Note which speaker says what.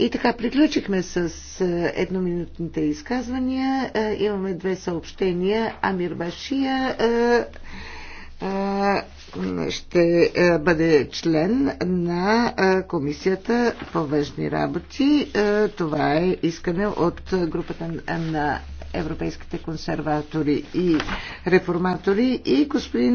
Speaker 1: И така, приключихме с едноминутните изказвания. Имаме две съобщения. Амир Башия ще бъде член на Комисията по външни работи. Това е искане от групата на европейските консерватори и реформатори и господин